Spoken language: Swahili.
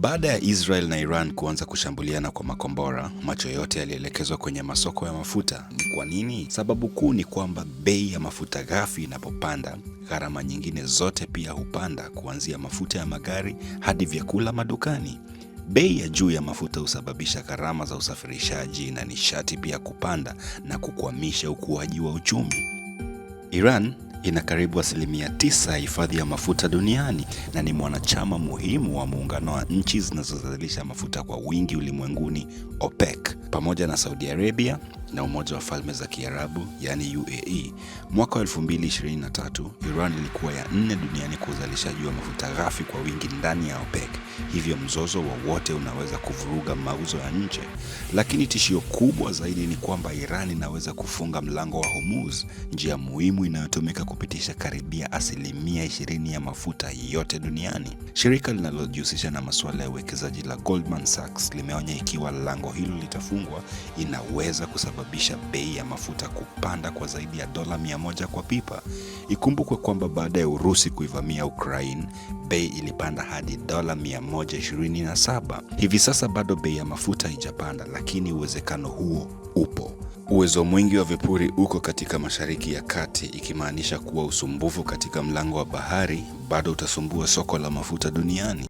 Baada ya Israel na Iran kuanza kushambuliana kwa makombora, macho yote yalielekezwa kwenye masoko ya mafuta. Ni kwa nini? Sababu kuu ni kwamba bei ya mafuta ghafi inapopanda, gharama nyingine zote pia hupanda, kuanzia mafuta ya magari hadi vyakula madukani. Bei ya juu ya mafuta husababisha gharama za usafirishaji na nishati pia kupanda na kukwamisha ukuaji wa uchumi. Iran ina karibu asilimia tisa ya hifadhi ya mafuta duniani na ni mwanachama muhimu wa muungano wa nchi zinazozalisha mafuta kwa wingi ulimwenguni OPEC, pamoja na Saudi Arabia, na Umoja wa Falme za Kiarabu yani UAE, mwaka wa 2023 Iran ilikuwa ya nne duniani kwa uzalishaji wa mafuta ghafi kwa wingi ndani ya OPEC. Hivyo mzozo wowote unaweza kuvuruga mauzo ya nje, lakini tishio kubwa zaidi ni kwamba Iran inaweza kufunga mlango wa Hormuz, njia muhimu inayotumika kupitisha karibia asilimia 20 ya mafuta yote duniani. Shirika linalojihusisha na masuala ya uwekezaji la Goldman Sachs limeonya ikiwa lango hilo litafungwa, inaweza kusababisha kusababisha bei ya mafuta kupanda kwa zaidi ya dola 100 kwa pipa. Ikumbukwe kwamba baada ya Urusi kuivamia Ukraine, bei ilipanda hadi dola 127. Hivi sasa bado bei ya mafuta haijapanda, lakini uwezekano huo upo. Uwezo mwingi wa vipuri uko katika Mashariki ya Kati, ikimaanisha kuwa usumbufu katika mlango wa bahari bado utasumbua soko la mafuta duniani.